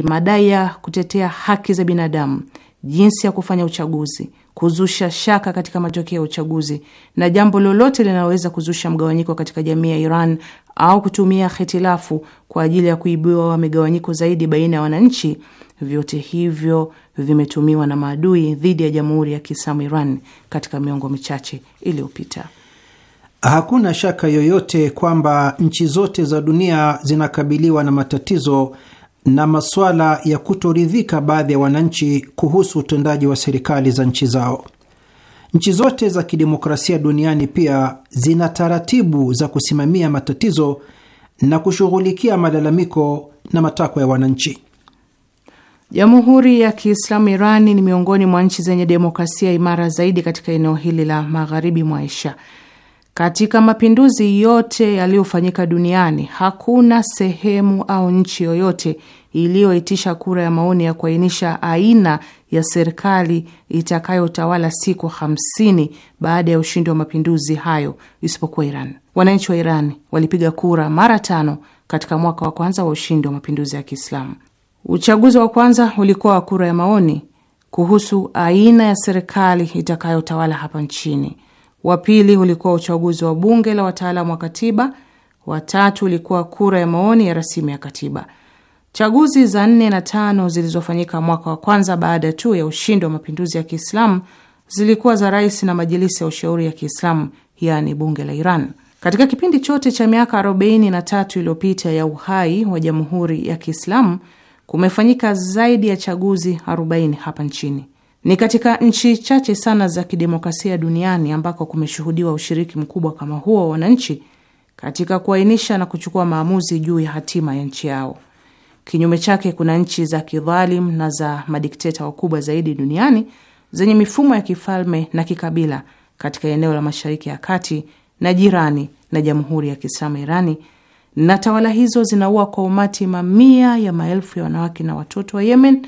madai ya kutetea haki za binadamu jinsi ya kufanya uchaguzi, kuzusha shaka katika matokeo ya uchaguzi na jambo lolote linaloweza kuzusha mgawanyiko katika jamii ya Iran au kutumia hitilafu kwa ajili ya kuibua migawanyiko zaidi baina ya wananchi, vyote hivyo vimetumiwa na maadui dhidi ya Jamhuri ya Kiislamu Iran katika miongo michache iliyopita. Hakuna shaka yoyote kwamba nchi zote za dunia zinakabiliwa na matatizo na masuala ya kutoridhika baadhi ya wananchi kuhusu utendaji wa serikali za nchi zao. Nchi zote za kidemokrasia duniani pia zina taratibu za kusimamia matatizo na kushughulikia malalamiko na matakwa ya wananchi. Jamhuri ya Kiislamu Irani ni miongoni mwa nchi zenye demokrasia imara zaidi katika eneo hili la magharibi mwa Asia. Katika mapinduzi yote yaliyofanyika duniani hakuna sehemu au nchi yoyote iliyoitisha kura ya maoni ya kuainisha aina ya serikali itakayotawala siku hamsini baada ya ushindi wa mapinduzi hayo isipokuwa Iran. Wananchi wa Iran walipiga kura mara tano katika mwaka wa kwanza wa ushindi wa mapinduzi ya Kiislamu. Uchaguzi wa kwanza ulikuwa wa kura ya maoni kuhusu aina ya serikali itakayotawala hapa nchini wa pili ulikuwa uchaguzi wa bunge la wataalamu wa katiba, wa tatu ulikuwa kura ya maoni ya rasimu ya katiba. Chaguzi za nne na tano zilizofanyika mwaka wa kwanza baada tu ya ushindi wa mapinduzi ya Kiislamu zilikuwa za rais na majilisi ya ushauri ya Kiislamu, yaani bunge la Iran. Katika kipindi chote cha miaka 43 iliyopita ya uhai wa jamhuri ya Kiislamu kumefanyika zaidi ya chaguzi 40 hapa nchini. Ni katika nchi chache sana za kidemokrasia duniani ambako kumeshuhudiwa ushiriki mkubwa kama huo wa wananchi katika kuainisha na kuchukua maamuzi juu ya hatima ya nchi yao. Kinyume chake, kuna nchi za kidhalim na za madikteta wakubwa zaidi duniani zenye mifumo ya kifalme na kikabila katika eneo la Mashariki ya Kati na jirani na Jamhuri ya Kiislamu Irani, na tawala hizo zinaua kwa umati mamia ya maelfu ya wanawake na watoto wa Yemen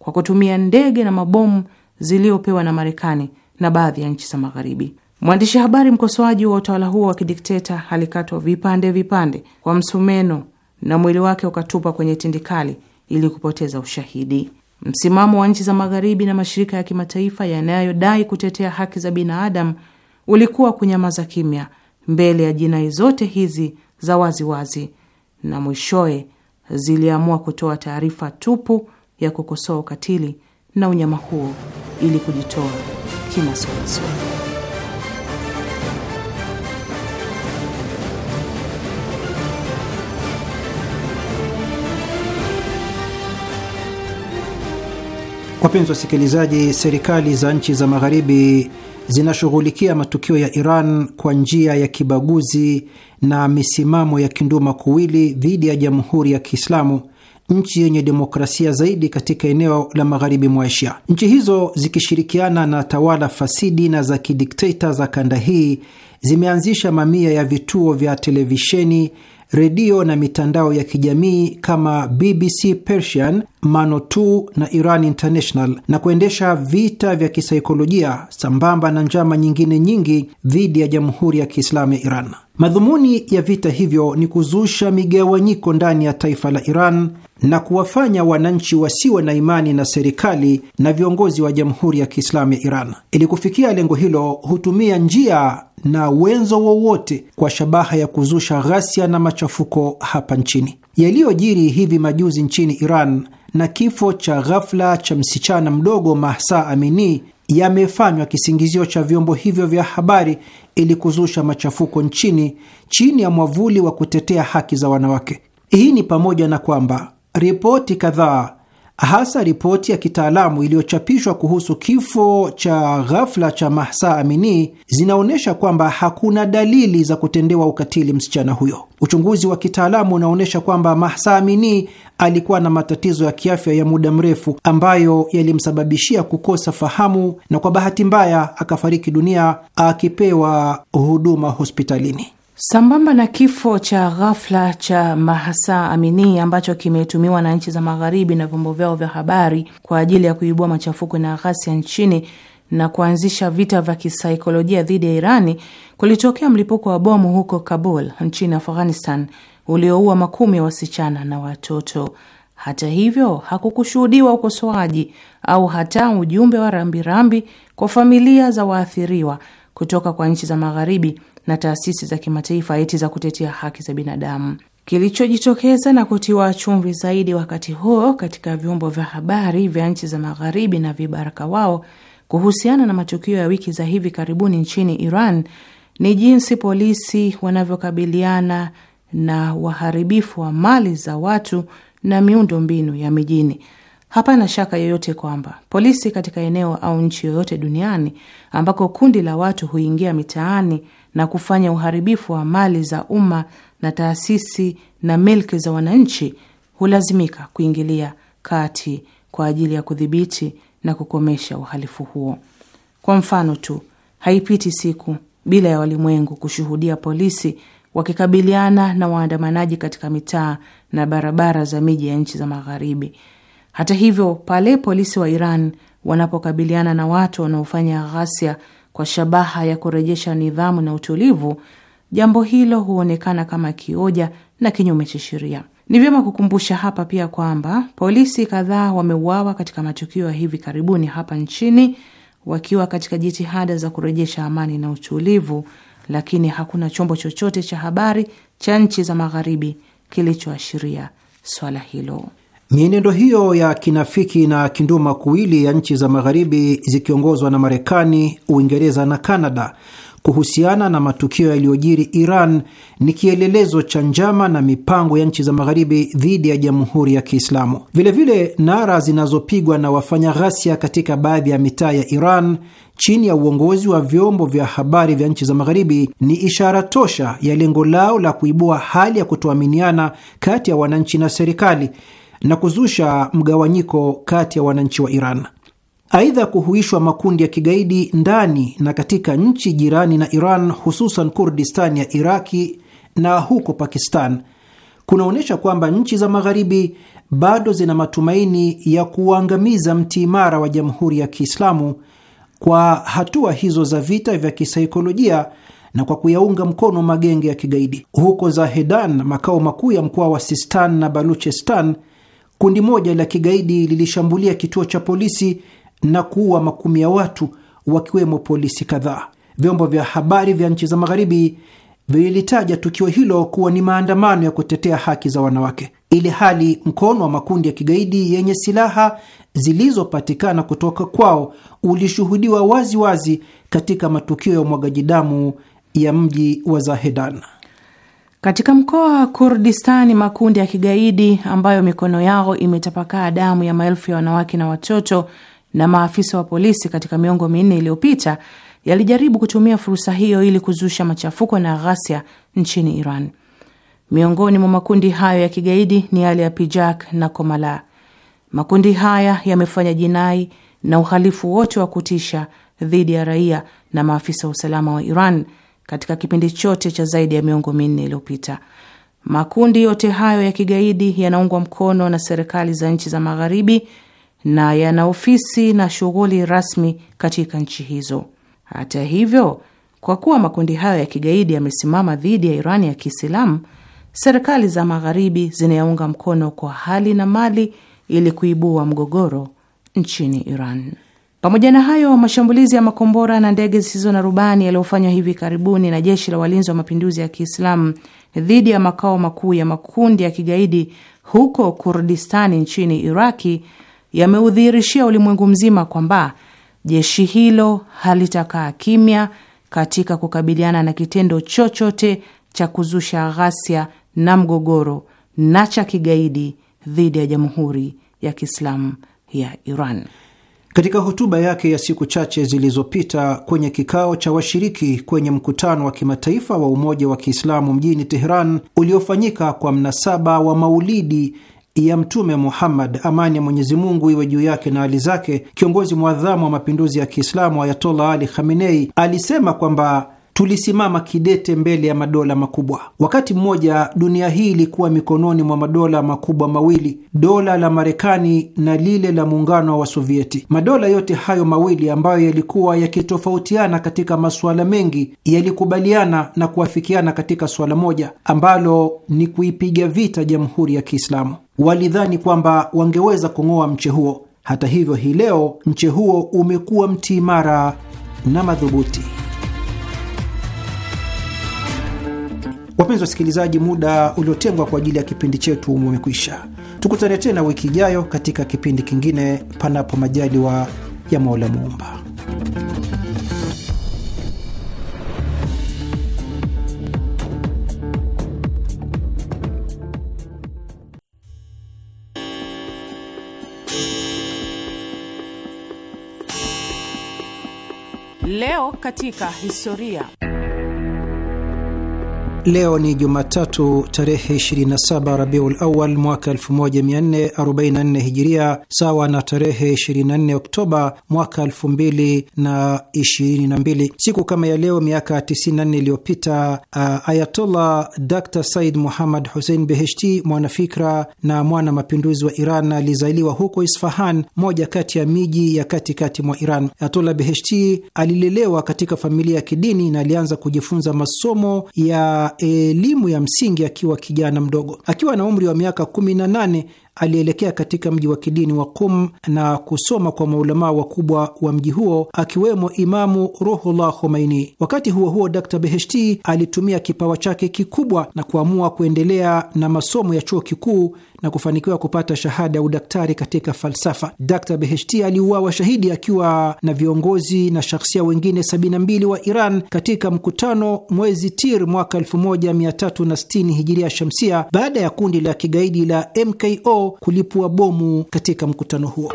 kwa kutumia ndege na mabomu ziliyopewa na Marekani na baadhi ya nchi za Magharibi. Mwandishi habari mkosoaji wa utawala huo wa kidikteta alikatwa vipande vipande kwa msumeno na mwili wake ukatupa kwenye tindikali ili kupoteza ushahidi. Msimamo wa nchi za Magharibi na mashirika ya kimataifa yanayodai kutetea haki za binadamu ulikuwa kunyamaza kimya mbele ya jinai zote hizi za waziwazi wazi, na mwishowe ziliamua kutoa taarifa tupu ya kukosoa ukatili na unyama huo ili kujitoa kimasomasomo. Wapenzi wasikilizaji, serikali za nchi za Magharibi zinashughulikia matukio ya Iran kwa njia ya kibaguzi na misimamo ya kinduma kuwili dhidi ya Jamhuri ya Kiislamu nchi yenye demokrasia zaidi katika eneo la magharibi mwa Asia. Nchi hizo zikishirikiana na tawala fasidi na za kidikteta za kanda hii zimeanzisha mamia ya vituo vya televisheni, redio na mitandao ya kijamii kama BBC Persian, mano na Iran International na kuendesha vita vya kisaikolojia sambamba na njama nyingine nyingi dhidi ya Jamhuri ya Kiislamu ya Iran. Madhumuni ya vita hivyo ni kuzusha migawanyiko ndani ya taifa la Iran na kuwafanya wananchi wasiwe na imani na serikali na viongozi wa Jamhuri ya Kiislamu ya Iran. Ili kufikia lengo hilo, hutumia njia na wenzo wowote kwa shabaha ya kuzusha ghasia na machafuko hapa nchini. Yaliyojiri hivi majuzi nchini Iran na kifo cha ghafla cha msichana mdogo Mahsa Amini yamefanywa kisingizio cha vyombo hivyo vya habari ili kuzusha machafuko nchini chini ya mwavuli wa kutetea haki za wanawake. Hii ni pamoja na kwamba ripoti kadhaa hasa ripoti ya kitaalamu iliyochapishwa kuhusu kifo cha ghafla cha Mahsa Amini zinaonyesha kwamba hakuna dalili za kutendewa ukatili msichana huyo. Uchunguzi wa kitaalamu unaonyesha kwamba Mahsa Amini alikuwa na matatizo ya kiafya ya muda mrefu ambayo yalimsababishia kukosa fahamu na kwa bahati mbaya akafariki dunia akipewa huduma hospitalini. Sambamba na kifo cha ghafla cha Mahsa Amini ambacho kimetumiwa na nchi za Magharibi na vyombo vyao vya habari kwa ajili ya kuibua machafuko na ghasia nchini na kuanzisha vita vya kisaikolojia dhidi ya Irani, kulitokea mlipuko wa bomu huko Kabul nchini Afghanistan ulioua makumi ya wasichana na watoto. Hata hivyo, hakukushuhudiwa ukosoaji au hata ujumbe wa rambirambi kwa familia za waathiriwa kutoka kwa nchi za Magharibi na taasisi za kimataifa eti za kutetea haki za binadamu. Kilichojitokeza na kutiwa chumvi zaidi wakati huo katika vyombo vya habari vya nchi za Magharibi na vibaraka wao kuhusiana na matukio ya wiki za hivi karibuni nchini Iran ni jinsi polisi wanavyokabiliana na waharibifu wa mali za watu na miundo mbinu ya mijini. Hapana shaka yoyote kwamba polisi katika eneo au nchi yoyote duniani ambako kundi la watu huingia mitaani na kufanya uharibifu wa mali za umma na taasisi na milki za wananchi hulazimika kuingilia kati kwa ajili ya kudhibiti na kukomesha uhalifu huo. Kwa mfano tu, haipiti siku bila ya walimwengu kushuhudia polisi wakikabiliana na waandamanaji katika mitaa na barabara za miji ya nchi za Magharibi. Hata hivyo, pale polisi wa Iran wanapokabiliana na watu wanaofanya ghasia kwa shabaha ya kurejesha nidhamu na utulivu, jambo hilo huonekana kama kioja na kinyume cha sheria. Ni vyema kukumbusha hapa pia kwamba polisi kadhaa wameuawa katika matukio ya hivi karibuni hapa nchini wakiwa katika jitihada za kurejesha amani na utulivu, lakini hakuna chombo chochote cha habari cha nchi za magharibi kilichoashiria swala hilo. Mienendo hiyo ya kinafiki na kinduma kuwili ya nchi za Magharibi zikiongozwa na Marekani, Uingereza na Kanada kuhusiana na matukio yaliyojiri Iran ni kielelezo cha njama na mipango ya nchi za Magharibi dhidi ya Jamhuri ya Kiislamu. Vilevile, nara zinazopigwa na wafanya ghasia katika baadhi ya mitaa ya Iran chini ya uongozi wa vyombo vya habari vya nchi za Magharibi ni ishara tosha ya lengo lao la kuibua hali ya kutoaminiana kati ya wananchi na serikali na kuzusha mgawanyiko kati ya wananchi wa Iran. Aidha, kuhuishwa makundi ya kigaidi ndani na katika nchi jirani na Iran, hususan Kurdistani ya Iraki na huko Pakistan kunaonyesha kwamba nchi za Magharibi bado zina matumaini ya kuangamiza mti imara wa Jamhuri ya Kiislamu kwa hatua hizo za vita vya kisaikolojia na kwa kuyaunga mkono magenge ya kigaidi. Huko Zahedan, makao makuu ya mkoa wa Sistan na Baluchestan, kundi moja la kigaidi lilishambulia kituo cha polisi na kuua makumi ya watu wakiwemo polisi kadhaa. Vyombo vya habari vya nchi za magharibi vilitaja tukio hilo kuwa ni maandamano ya kutetea haki za wanawake, ili hali mkono wa makundi ya kigaidi yenye silaha zilizopatikana kutoka kwao ulishuhudiwa waziwazi katika matukio ya umwagaji damu ya mji wa Zahedan. Katika mkoa wa Kurdistani, makundi ya kigaidi ambayo mikono yao imetapakaa damu ya maelfu ya wanawake na watoto na maafisa wa polisi katika miongo minne iliyopita yalijaribu kutumia fursa hiyo ili kuzusha machafuko na ghasia nchini Iran. Miongoni mwa makundi hayo ya kigaidi ni yale ya Pijak na Komala. Makundi haya yamefanya jinai na uhalifu wote wa kutisha dhidi ya raia na maafisa wa usalama wa Iran katika kipindi chote cha zaidi ya miongo minne iliyopita. Makundi yote hayo ya kigaidi yanaungwa mkono na serikali za nchi za Magharibi na yana ofisi na shughuli rasmi katika nchi hizo. Hata hivyo, kwa kuwa makundi hayo ya kigaidi yamesimama dhidi ya Irani ya Kiislamu, serikali za Magharibi zinayaunga mkono kwa hali na mali ili kuibua mgogoro nchini Iran. Pamoja na hayo, mashambulizi ya makombora na ndege zisizo na rubani yaliyofanywa hivi karibuni na jeshi la walinzi wa mapinduzi ya Kiislamu dhidi ya makao makuu ya makundi ya kigaidi huko Kurdistani nchini Iraki yameudhihirishia ulimwengu mzima kwamba jeshi hilo halitakaa kimya katika kukabiliana na kitendo chochote cha kuzusha ghasia na mgogoro na cha kigaidi dhidi ya Jamhuri ya Kiislamu ya Iran. Katika hotuba yake ya siku chache zilizopita kwenye kikao cha washiriki kwenye mkutano wa kimataifa wa Umoja wa Kiislamu mjini Teheran uliofanyika kwa mnasaba wa maulidi ya Mtume Muhammad, amani ya Mwenyezi Mungu iwe juu yake na hali zake, kiongozi mwadhamu wa mapinduzi ya Kiislamu Ayatollah Ali Khamenei alisema kwamba tulisimama kidete mbele ya madola makubwa. Wakati mmoja dunia hii ilikuwa mikononi mwa madola makubwa mawili, dola la Marekani na lile la muungano wa Sovieti. Madola yote hayo mawili ambayo yalikuwa yakitofautiana katika masuala mengi, yalikubaliana na kuafikiana katika suala moja ambalo ni kuipiga vita Jamhuri ya Kiislamu. Walidhani kwamba wangeweza kung'oa mche huo. Hata hivyo, hii leo mche huo umekuwa mti imara na madhubuti. Wapenzi wasikilizaji, muda uliotengwa kwa ajili ya kipindi chetu umekwisha. Tukutane tena wiki ijayo katika kipindi kingine, panapo majaliwa ya Mola Muumba. Leo katika historia Leo ni Jumatatu tarehe 27 Rabiul Awal mwaka 1444 Hijiria, sawa na tarehe 24 Oktoba mwaka 2022. Siku kama ya leo miaka 94 iliyopita, uh, Ayatollah Dr Said Muhammad Hussein Beheshti, mwanafikra na mwana mapinduzi wa Iran, alizaliwa huko Isfahan, moja kati ya miji ya katikati mwa Iran. Ayatollah Beheshti alilelewa katika familia ya kidini na alianza kujifunza masomo ya elimu ya msingi akiwa kijana mdogo. Akiwa na umri wa miaka kumi na nane alielekea katika mji wa kidini wa Qum na kusoma kwa maulamaa wakubwa wa mji huo akiwemo Imamu Ruhullah Khomeini. Wakati huo huo, Dr Beheshti alitumia kipawa chake kikubwa na kuamua kuendelea na masomo ya chuo kikuu na kufanikiwa kupata shahada ya udaktari katika falsafa. Dr Beheshti aliuawa shahidi akiwa na viongozi na shakhsia wengine 72 wa Iran katika mkutano mwezi Tir mwaka 1360 hijiria shamsia baada ya kundi la kigaidi la MKO kulipua bomu katika mkutano huo.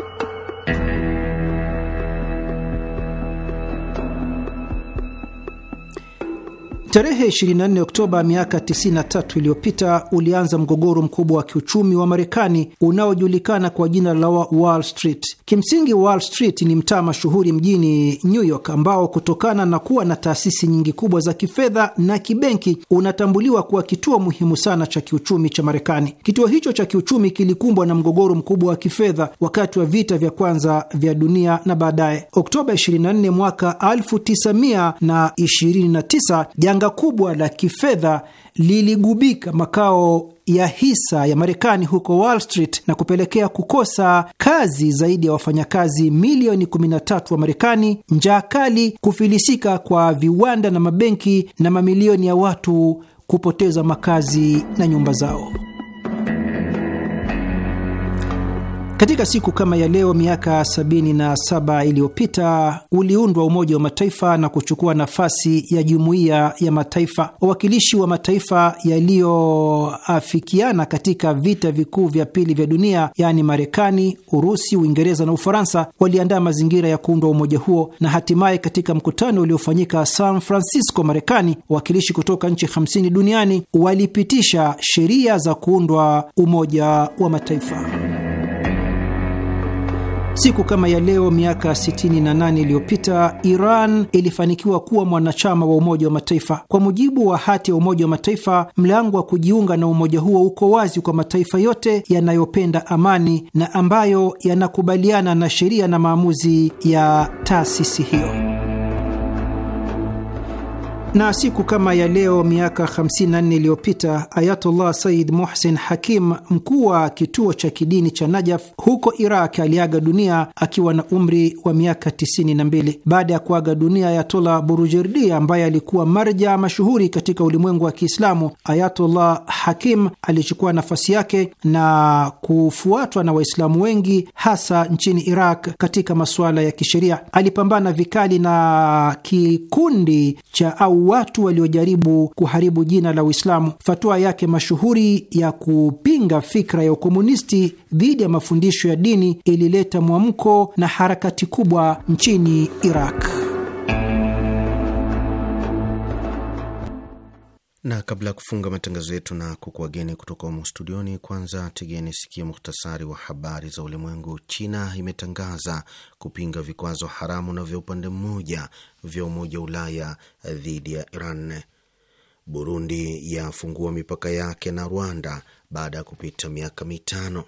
Tarehe 24 Oktoba miaka 93 iliyopita ulianza mgogoro mkubwa wa kiuchumi wa Marekani unaojulikana kwa jina la Wall Street. Kimsingi, Wall Street ni mtaa mashuhuri mjini New York ambao kutokana na kuwa na taasisi nyingi kubwa za kifedha na kibenki unatambuliwa kuwa kituo muhimu sana cha kiuchumi cha Marekani. Kituo hicho cha kiuchumi kilikumbwa na mgogoro mkubwa wa kifedha wakati wa vita vya kwanza vya dunia na baadaye. Oktoba 24 mwaka 1929 janga kubwa la kifedha liligubika makao ya hisa ya Marekani huko Wall Street na kupelekea kukosa kazi zaidi ya wafanyakazi milioni 13 wa Marekani, njaa kali, kufilisika kwa viwanda na mabenki, na mamilioni ya watu kupoteza makazi na nyumba zao. Katika siku kama ya leo miaka 77 iliyopita uliundwa Umoja wa Mataifa na kuchukua nafasi ya Jumuiya ya Mataifa. Wawakilishi wa mataifa yaliyoafikiana katika vita vikuu vya pili vya dunia, yaani Marekani, Urusi, Uingereza na Ufaransa, waliandaa mazingira ya kuundwa umoja huo, na hatimaye katika mkutano uliofanyika San Francisco, Marekani, wawakilishi kutoka nchi 50 duniani walipitisha sheria za kuundwa Umoja wa Mataifa. Siku kama ya leo miaka 68 iliyopita Iran ilifanikiwa kuwa mwanachama wa Umoja wa Mataifa. Kwa mujibu wa hati ya Umoja wa Mataifa, mlango wa kujiunga na umoja huo uko wazi kwa mataifa yote yanayopenda amani na ambayo yanakubaliana na sheria na maamuzi ya taasisi hiyo. Na siku kama ya leo miaka 54 iliyopita Ayatullah Said Muhsin Hakim, mkuu wa kituo cha kidini cha Najaf huko Iraq, aliaga dunia akiwa na umri wa miaka 92. Baada ya kuaga dunia Ayatullah Burujerdi, ambaye alikuwa marja mashuhuri katika ulimwengu wa Kiislamu, Ayatullah Hakim alichukua nafasi yake na kufuatwa na Waislamu wengi, hasa nchini Iraq katika masuala ya kisheria. Alipambana vikali na kikundi cha au watu waliojaribu kuharibu jina la Uislamu. Fatua yake mashuhuri ya kupinga fikra ya ukomunisti dhidi ya mafundisho ya dini ilileta mwamko na harakati kubwa nchini Iraq. na kabla ya kufunga matangazo yetu na kukuwageni kutoka humo studioni, kwanza tegeni sikia muhtasari wa habari za ulimwengu. China imetangaza kupinga vikwazo haramu na vya upande mmoja vya Umoja wa Ulaya dhidi ya Iran. Burundi yafungua mipaka yake na Rwanda baada ya kupita miaka mitano.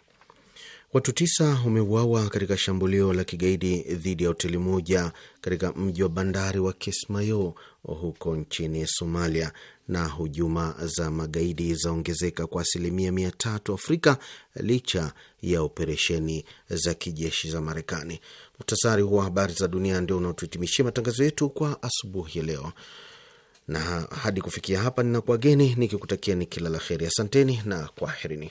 Watu tisa wameuawa katika shambulio la kigaidi dhidi ya hoteli moja katika mji wa bandari wa Kismayo huko nchini Somalia na hujuma za magaidi zaongezeka kwa asilimia mia tatu Afrika licha ya operesheni za kijeshi za Marekani. Muhtasari wa habari za dunia ndio unaotuhitimishia matangazo yetu kwa asubuhi ya leo, na hadi kufikia hapa ninakuwageni ni kila la heri. Asanteni na kwaherini.